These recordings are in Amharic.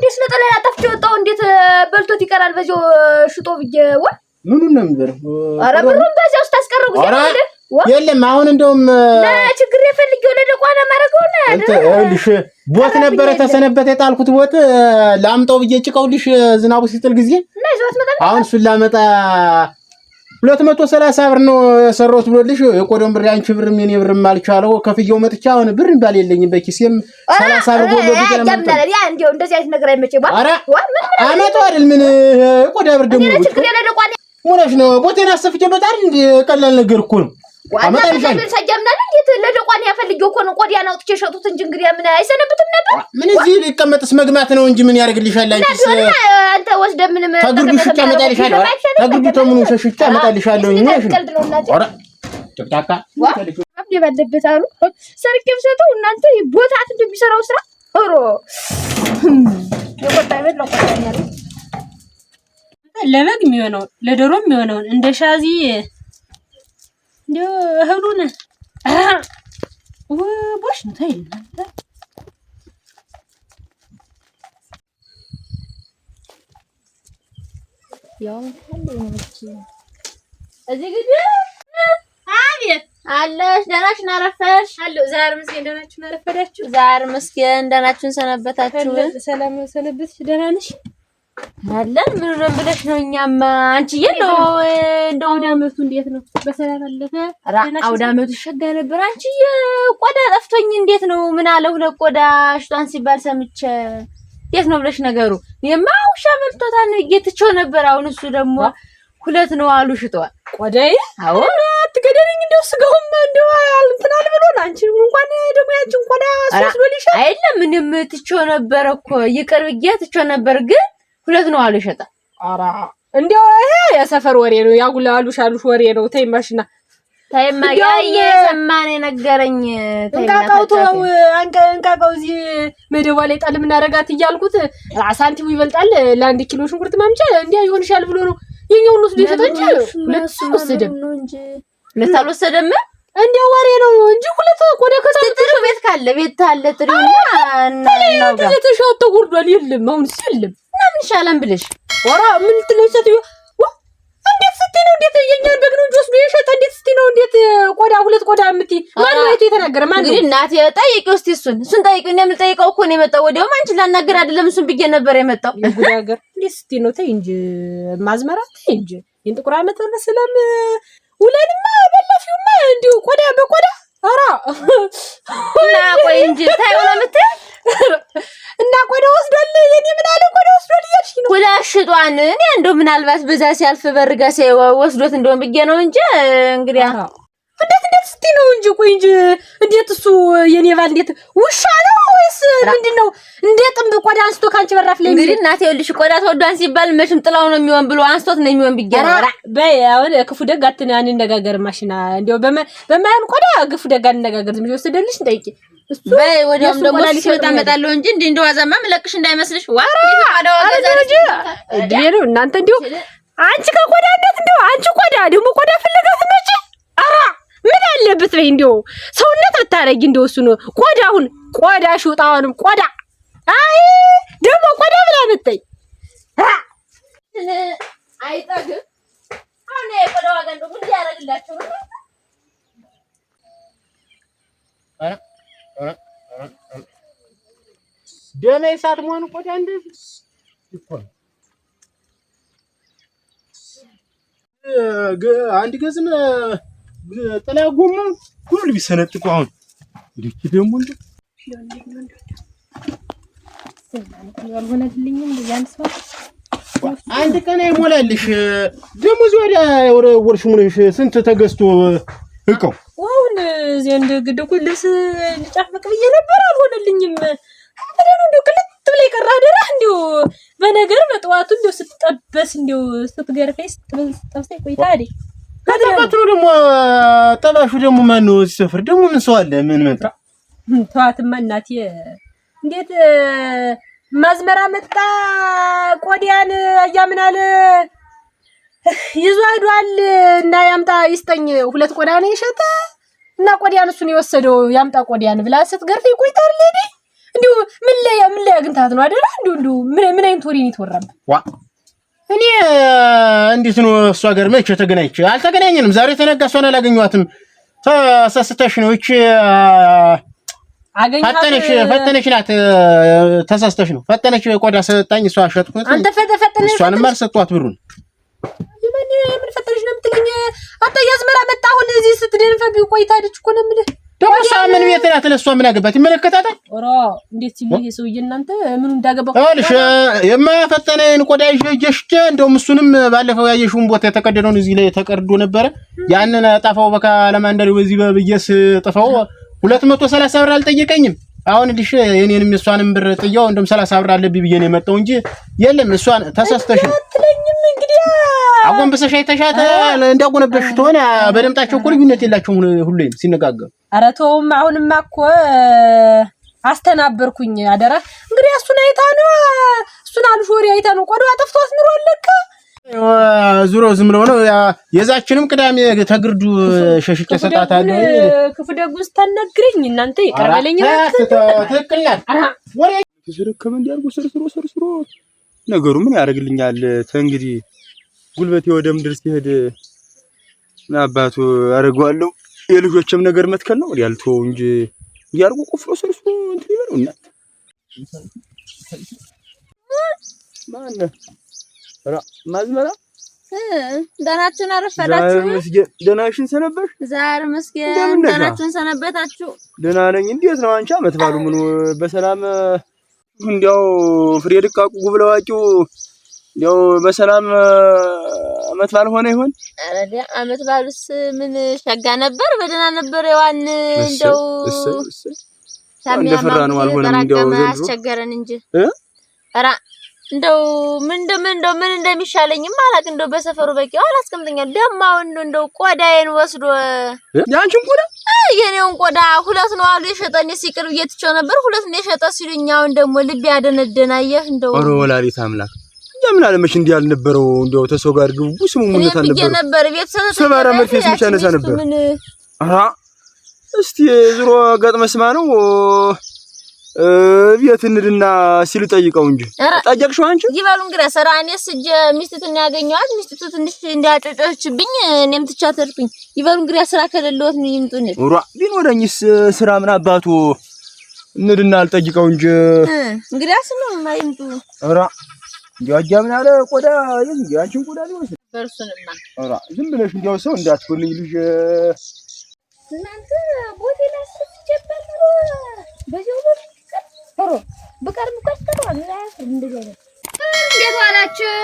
እንዴት ነጠላ አጠፍቼ ወጣሁ? እንዴት በልቶት ይቀራል? በዚያው ሽጦ ብዬ ወይ ምኑን ነው የሚበለው? ኧረ ብሩን በዚያው ውስጥ አስቀረው ጊዜ አይደል? የለም አሁን እንደውም ለችግር የፈልጌው ለደቋላ ማረገው ልሽ ቦት ነበረ ተሰነበተ የጣልኩት ቦት ላምጠው ብዬ ጭቀው ዝናቡ ሲጥል ጊዜ አሁን እሱን ላመጣ ሁለት መቶ ሰላሳ ብር ነው ሰሮት ብሎልሽ የቆዶን ብር አንቺ ብርም የኔ ብርም አልቻለው ከፍየው መጥቻ አሁን ብር እንዳል የለኝም በኪሴም ሰላሳ ብር ጎሎ እንደዚህ አይደል ምን ቆዳ ብር ደግሞ ሆነሽ ነው ቦቴን አሰፍቼበት አይደል እንደ ቀላል ነገር እኮ ነው። ዋና መዳበር ሳጃምናለ እንዴት ለደቋን ያፈልገው እኮ ነው። ቆዲያን አውጥቼ እንጂ እንግዲህ ምን አይሰነብትም ነበር። ምን እዚህ ሊቀመጥስ መግማት ነው እንጂ ምን ያደርግልሻል? አንቺስ አንተ ወስደ ምን ተግርግሽ ታመጣልሻል? ተግርግሽ ተምኑ ሸሽቻ አመጣልሻለሁ እኔ ቀልድ ነው እናቴ ተጣጣ አብዴ አሉ ሰርቄም ሰጠው እናንተ ቦታት እንደሚሰራው ስራ ኦሮ ለበግ የሚሆነውን ለዶሮ የሚሆነውን እንደ ሻዚ እንዲያው እህሉን ውቦች ነው። ተይ እናንተ ያው እዚህ ግድ አቤት አለሽ ደህና ናረፈሽ ዛር ምስኪን ደህና ናችሁ? ዛር ምስኪን ደህና ሰነበታችሁ? ሰላም ሰነበትሽ? ደህና ነሽ? አለን ምንም ብለሽ ነው? እኛም አንቺ የለው እንደ አውደ አመቱ እንዴት ነው? በሰላም አለፈ? አውደ አመቱ ሸጋ ነበር። አንቺ ቆዳ ጠፍቶኝ እንዴት ነው? ምን አለ ሁለት ቆዳ ሽጧን ሲባል ሰምቼ እንዴት ነው ብለሽ ነገሩ። እኔማ ውሻ በልቶታል ነው እየትቼው ነበር። አሁን እሱ ደግሞ ሁለት ነው አሉ ሽጧል። ቆዳዬ አሁን አትገደለኝ። እንደው ስጋውም እንደው እንትን ብሎ አንቺ እንኳን ደግሞ ያንቺን ቆዳ አስወስዶልሻል አይደለም? ምንም ትቼው ነበር እኮ ይቅር ብዬሽ ትቼው ነበር ግን ሁለት ነው አሉ ይሸጣል። ኧረ እንዲያው ይሄ የሰፈር ወሬ ነው፣ ያጉላ አሉሽ አሉሽ ወሬ ነው። ተይማሽና ተይማ ያየ ሰማኔ ነገረኝ። እንቃቃው ተው እንቃቃው፣ እዚህ መደባ ላይ ጣል የምናረጋት እያልኩት ሳንቲሙ ይበልጣል። ለአንድ ኪሎ ሽንኩርት ማምጫ እንዲያ ይሆንሻል ብሎ ነው የኛውን ነው ስለ እንጂ ሁለት አልወሰደም፣ ሁለት አልወሰደም። እንዲያው ወሬ ነው እንጂ ሁለት ወደ ከሳንቲሙ ቤት ካለ ቤት ካለ ነው ተለይ ተሸጦ ጉርዷል። የለም አሁን ሲልም ይሻለን ብለሽ ወራ ምን ልትለኝ ሴትዮ እንዴት ስትይ ነው? እንዴት የኛን በግ ነው እንጂ ወስዶ የሸጠ እንዴት ስትይ ነው? እንዴት ቆዳ ሁለት ቆዳ የምትይ ማን ነው? የቱ የተናገረ ማን ነው? እንግዲህ እናቴ ጠይቂ ውስጥ እሱን እሱን ጠይቂ። እኔ የምልጠይቀው እኮ ነው የመጣው ወዲያውም አንቺን ላናገር አይደለም እሱን ብዬ ነበር የመጣው። የጉድ እንዴት ስትይ ነው? ተይ እንጂ ማዝመራ ተይ እንጂ ይህን ጥቁር አመት ስለምን ውለንማ በላ ምናልባት በዛ ሲያልፍ በርጋ ወስዶት እንደሆን ብዬ ነው እንጂ እንግዲህ እንዴት እንዴት ስትይ ነው እንጂ ቆይ እንጂ እንዴት እሱ የኔ ባል እንዴት ውሻ ነው ወይስ ምንድን ነው? እንዴት ጥንብ ቆዳ አንስቶ ካንቺ በራፍ ላይ እንግዲህ እናቴ ይኸውልሽ፣ ቆዳ ተወዷን ሲባል መቼም ጥላው ነው የሚሆን ብሎ አንስቶት ነው የሚሆን ብዬ ቢገራ በይ። አሁን ክፉ ደግ አትን አንነጋገር ማሽና እንደው በማይሆን ቆዳ ክፉ ደግ አንነጋገር ዝም ብሎ ወሰደልሽ እንጠይቂ ወዲያውም ደግሞ ሲመጣ እመጣለሁ እንጂ እንዲህ እንደ ምለቅሽ እንዳይመስልሽ። እናንተ እንዲሁ አንቺ ከቆዳነት እንዲሁ አንቺ ቆዳ ደግሞ ቆዳ ፍለጋ ስመጪ ኧረ ምን አለበት በይ እንዲሁ ሰውነት ብታረጊ እንዲሁ እሱ ነው ቆዳ። ቆዳ ሽውጣውንም ቆዳ አይ ደግሞ ቆዳ ብላ መጣኝ አይጠግም። አሁን የቆዳ ዋጋ እንደው ነው ደሜ እሳት መሆኑ ቆዳ እንደዚህ እኮ ነው። አንድ ገዝም ጥላ ጎማ ሁሉ ቢሰነጥቁ አሁን ልክ ደግሞ እንደ አንድ ቀን አይሞላልሽ ደግሞ እዚህ ወዲያ ወርሽ ሙነሽ ስንት ተገዝቶ እቀው አሁን እዚህ እንደ ግድኩ ልስ ልጨፍቅ ብዬ ነበር፣ አልሆነልኝም። አደረን እንዴ ክልት ብለ ይቀራ አደረ እንዴ በነገር በጠዋቱ እንዴ ስትጠበስ እንዴ ስትገርፈኝ ስትጠበስ ስትጠብሰኝ ቆይታ አይደል ከተቀጥሎ ደግሞ ጠባሹ ደግሞ ማን ነው? ሲሰፍር ደግሞ ምን ሰው አለ? ምን መጥራ ተዋትማ እናቴ እንዴት ማዝመራ መጣ ቆዲያን አያምናል ይዞ ሄዷል እና ያምጣ ይስጠኝ፣ ሁለት ቆዳ ነው የሸጠ እና ቆዳን እሱን የወሰደው ያምጣ ቆዳን ብላ ስትገርፈኝ ቆይታል። ሌዲ እንዲሁ ምን ላይ ምን ላይ አግኝታት ነው አይደል? እንዲሁ እንዲሁ ምን ምን አይነት ወሬ ነው የተወራበት? ዋ እኔ እንዴት ነው እሱ ሀገር መቼ ተገናኝቼ አልተገናኘንም። ዛሬ ተነጋ እሷን አላገኘኋትም። ተሰስተሽ ነው እቺ ፈጠነሽ ፈጠነሽ ናት። ተሳስተሽ ነው ፈጠነሽ ቆዳ ሰጣኝ እሷ ሸጥኩት። አንተ ፈጠነሽ እሷንም አልሰጧት ብሩን ምን ፈጠረሽ ነው የምትለኝ? አንተ ያዝመራ መጣ አሁን እዚህ ስትደንፈብ ቆይታለች እኮ ነው የምልህ። ደግሞ እሷ ምን ቤት ናት? ለእሷ ምን አገባት? ይመለከታታል። ኧረ እንዴት ሲሉ ይሄ ሰውዬ እናንተ ምኑ እንዳገባው ልሽ የማፈጠነን ቆዳ ይዤ ጀሽቼ እንደውም እሱንም ባለፈው ያየሽውን ቦታ የተቀደደውን እዚህ ላይ ተቀድዶ ነበረ። ያንን ጠፋው በካ ለማንደሪ በዚህ በብየስ ጥፋው ሁለት መቶ ሰላሳ ብር አልጠየቀኝም። አሁን ልሽ የኔንም የእሷንም ብር ጥያው እንደውም ሰላሳ ብር አለብኝ ብዬ ነው የመጣው እንጂ የለም እሷን ተሳስተሽ አጎንብሰሽ አይተሻት እንዳጎነበሽ ትሆን በደምጣቸው እኮ ልዩነት የላቸውም። ሁሌም ሲነጋገሩ ኧረ ተውም። አሁንማ እኮ አስተናበርኩኝ አደራ። እንግዲህ እሱን አይታ ነው እሱን አልሾሪ አይታ ነው ቆዳዋ ጠፍቷት ኑሮ ለካ ዙሮ ዝም ብሎ ነው። የዛችንም ቅዳሜ ተግርዱ ሸሽቼ ሰጣታለሁ። ክፉ ደጉ ስታናግረኝ እናንተ ይቀርበለኝ ትክክል ናት። ተሸረከበ እንዲያርጉ ስርስሮ ስርስሮ ነገሩ ምን ያደርግልኛል? እንግዲህ ጉልበቴ ወደ ምድር ሲሄድ አባቱ አደርገዋለሁ። የልጆችም ነገር መትከል ነው ያልተው እንጂ እንዲያርጉ ቆፍሮ ሰርሱ እንትን ይበለው። እናት ማነ ራ ማዝመራ ደናችን አረፈዳችሁ? ደህናሽን ሰነበሽ? ዛር መስገን ደናችን ሰነበታችሁ? ደና ነኝ። እንዴት ነው አንቺ? አመት ባሉ ምኑ በሰላም እንዲያው ፍሬ ድቃቁ ጉብለዋቂው ያው በሰላም አመት ባል ሆነ ይሆን? አረዲ አመት ባልስ ምን ሸጋ ነበር፣ በደህና ነበር። የዋን እንደው እንደፈራነው አልሆነም። እንደው አስቸገረን እንጂ አራ እንደው ምን እንደምን እንደው ምን እንደሚሻለኝም አላውቅም። እንደው በሰፈሩ በቂ አላስቀምጠኛል። ደግሞ አሁን እንደው ቆዳዬን ወስዶ ያንቺን ቆዳ የኔውን ቆዳ ሁለት ነው አሉ የሸጠን ሲቅርብ እየትቸው ነበር። ሁለት ነው የሸጠ ሲሉኝ አሁን ደግሞ ልብ ያደነደናየህ እንደው ወላሪት አምላክ ለምን አለመሽ አለ መች እንዲህ ያልነበረው እንዲያው ተሰው ጋር ግቡ ስሙ ሙነት አልነበረው ነበር ቤት ሰነሰ ያነሳ ነበር። አሃ እስቲ ዝሮ ገጥመ ስማ ነው ቤት እንድና ሲሉ ጠይቀው እንጂ ጠየቅሽው አንቺ ይበሉ እንግዲህ ሰራ እኔ ስጀ ሚስቱን ያገኘኋት ሚስቱት ትንሽ እንዳጮጮችብኝ እኔም ትቻ ተርፍኝ ይበሉ እንግዲህ ስራ ከሌለዎት ነው ይምጡን ሩዋ ወደኝስ ስራ ምን አባቱ እንድና አልጠይቀው እንጂ እንግዲህ አስነው ማይምጡ ሩዋ እንዲያው አጃምን አለ ቆዳ ይዝ እንዲያው አንቺን ቆዳ ሊወስድ በርሱንማ አራ ዝም ብለሽ እንዲያው ሰው እንዳትኮልኝ ልጅ እናንተ ቦቴ ላይ ስትጀበር በዚሁ ብር ኧረ ብቀርም እኮ አስተባል ያስር እንደዚህ እንዴት ዋላችሁ?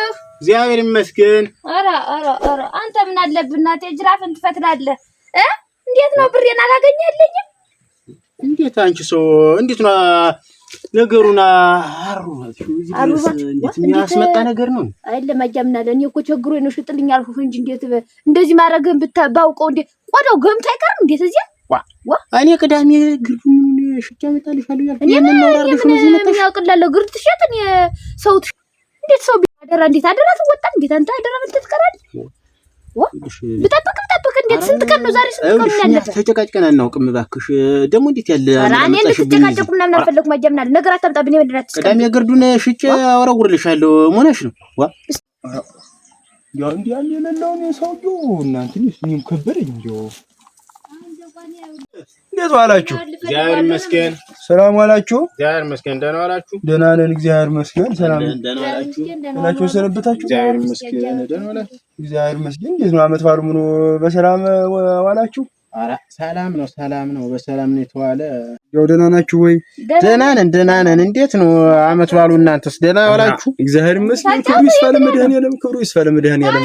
እግዚአብሔር ይመስገን። አራ አራ አራ አንተ ምን አለብህ እናቴ ጅራፍን ትፈትላለህ እ እንዴት ነው ብሬን አላገኘህልኝም? እንዴት አንቺ ሰው እንዴት ነው ነገሩን አሩ የሚያስመጣ ነገር ነው አይደለም። አያምናለሁ እኔ እኮ ቸግሮኝ ነው ሽጥልኝ አልኩህ እንጂ እንዴት እንደዚህ ማድረግህን ባውቀው እንዴ ቆዳው ገምቶ አይቀርም። እንዴት እዚያ እኔ ቅዳሜ ግርዱን ሽጫ እመጣልሻለሁ ግርድ ትሸጥ ሰው እንዴት ሰው አደራ እንዴት አደራ ትወጣ እንዴት አንተ አደራ ምን ትትቀራል ብጠብቅ ብጠብቅ እንዴት ስንት ቀን ነው ዛሬ? ስንት ቀን ያለፈ ተጨቃጭቀን አናውቅም። እባክሽ ደግሞ እንዴት ያለ እኔ እንድትጨቃጨቁ ምናምን አልፈለኩም። አጃምናል ነገር አታምጣብኝ። ምንድን አትስቀ ቀዳሚ ግርዱን ሽጭ አወረውርልሻለሁ። መሆነሽ ነው ዋ ያው እንዲህ ያለ የሌለውን ሰውዬው እናንትን እኔም ከበደኝ እንዲያው እንዴት ዋላችሁ? እግዚአብሔር ይመስገን። ሰላም ዋላችሁ? እግዚአብሔር ይመስገን። ደህና ዋላችሁ? ደህና ነን፣ እግዚአብሔር ይመስገን። ሰላም ደህና ዋላችሁ? ሁላችሁ ሰነበታችሁ? እግዚአብሔር ይመስገን። ደህና ዋላችሁ? እግዚአብሔር ይመስገን። እንዴት ነው አመት በዓሉ ምኑ በሰላም ዋላችሁ? ኧረ ሰላም ነው፣ ሰላም ነው፣ በሰላም ነው የተዋለ። ያው ደህና ናችሁ ወይ? ደህና ነን፣ ደህና ነን። እንዴት ነው አመት በዓሉ እናንተስ? ደህና ዋላችሁ? እግዚአብሔር ይመስገን። ክብሩ ይስፋ ለመድኃኔዓለም፣ ክብሩ ይስፋ ለመድኃኔዓለም።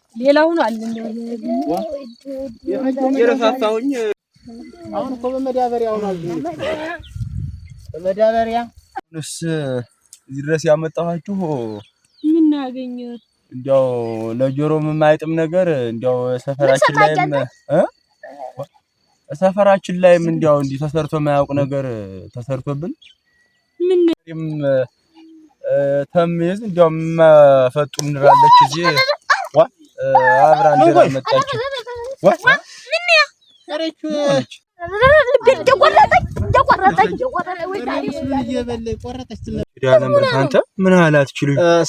ሌላውን አለ የረፋፋሁኝ አሁን እኮ በመዳበሪያው በመዳበሪያ እዚህ ድረስ ያመጣኋችሁ ምን እንዲያው ለጆሮም የማይጥም ነገር እንዲያው ሰፈራችን ላይም እ ሰፈራችን ላይም እንዲያው እንዲህ ተሰርቶ የማያውቅ ነገር ተሰርቶብን ምን ተምይዝ እንዲያው መፈጡ ምንራለች እዚህ ዋ አብራ አንተ ምን አላት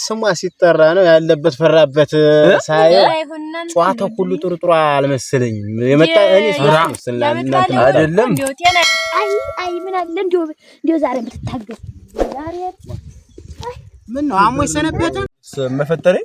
ስሟ ሲጠራ ነው ያለበት ፈራበት። ሳይ ጨዋታው ሁሉ ጥሩ ጥሩ አልመሰለኝም። የመጣ እኔ አይደለም። አይ ምን አለ እንደው እንደው ዛሬ የምትታገል ዛሬ ምን ነው አሞኝ ሰነበተ መፈጠረኝ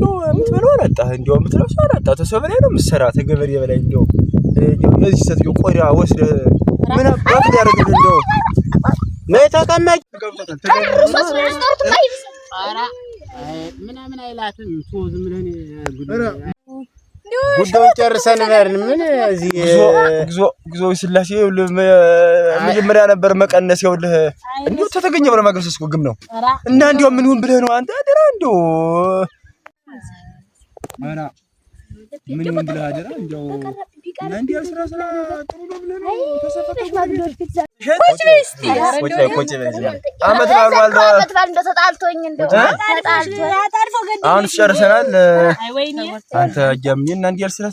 እንደው የምትበለው አላጣህ፣ እንደው የምትለብሰው አላጣህ። ተሰው በላይ ነው የምትሰራ ተገበሬ በላይ እንደው የዚህ ሴትዮ ቆዳ ወስደህ ምን አባት ያደርግልህ እንደው ነይ ጉዳዩን ጨርሰን ነርን ምን እዚህ ጉዞ ጉዞ ስላሴ መጀመሪያ ነበር መቀነስ። ይኸውልህ እንዲሁ ተተገኘ ብለህ ማገብሰስ ግም ነው እና እንዲያው ምን ይሁን ብለህ ነው አንተ አደራ እንዲሁ ኧረ ምን ይሆን ብለህ አደራ እንደው እንዲህ ስራ ስራ ጥሩ ነው ብለህ ነው ተሰፈተ ቁጭ በይ አመት በዓል አመት አሁን ጨርሰናል አንተ ጀምዬ እና እንዲህ ስራ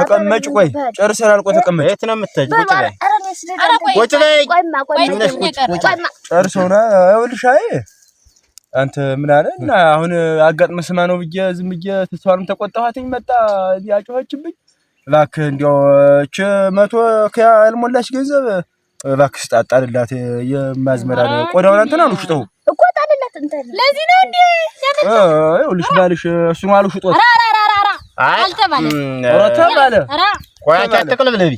ተቀመጭ ቆይ ጨርሰናል ቆይ ተቀመጭ የት ነው የምትሄጂው ቁጭ በይ ቁጭ በይ ጨርሰውና ይኸውልሽ አይ አንተ ምን አለ እና አሁን አጋጥመ ስማ ነው ብዬ ዝም ብዬ ተስፋንም ተቆጣኋትኝ መጣ ያጮኸችብኝ። እባክህ እንዲያው እች መቶ ያልሞላች ገንዘብ እባክህ ስጣ ጣልላት። የማዝመራ ቆዳውን አንተን አልሽጠው እኮ ጣልላት። እንትን ለዚህ ነው እንዴ ይኸውልሽ፣ ባልሽ እሱ ነው አልሽጦት አልተባለ ተባለ ቆያቻ ተቀለብ ለቢ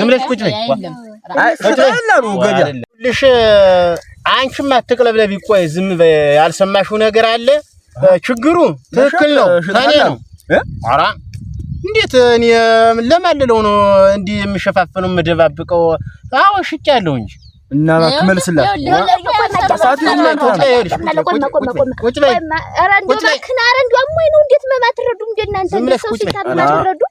ዝም ብለሽ ቁጭ ነኝ አይ ልሽ አንቺም አትቅለብለቢ። ቆይ ዝም ያልሰማሽው ነገር አለ። ችግሩ ትክክል ነው፣ ከኔ ነው። ኧረ እንዴት እኔ ለማልለው ነው እንዲህ የምሸፋፍነው የምደባብቀው? አዎ ሽቅ ያለው እንጂ እና እባክህ መልስላት። ቁጭ በይ። ኧረ እንደው እባክህን፣ ኧረ እንደው አሞኝ ነው። እንዴት መማትረዱ እንደ እናንተ ሰው ሲታመም አትረዱም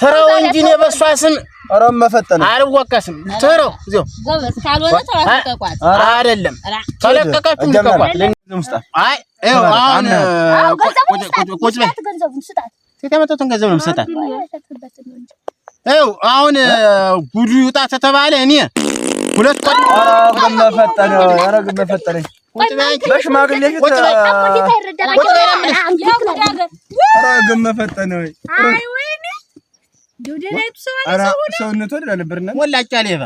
ትረው እንጂ እኔ በእሷ ስም ኧረ መፈጠን አልወቀስም። ትረው እዚያው አይደለም ተለቀቀችው ልቀቋት። ገንዘብ ነው የምትሰጣት። ይኸው አሁን ጉዱ ይውጣ ተተባለ እኔ ሁለት ቆጥ መፈጠን መፈጠን በሽማግሌ መፈጠን ወይ ሰውነቱ ወላጫ ሌባ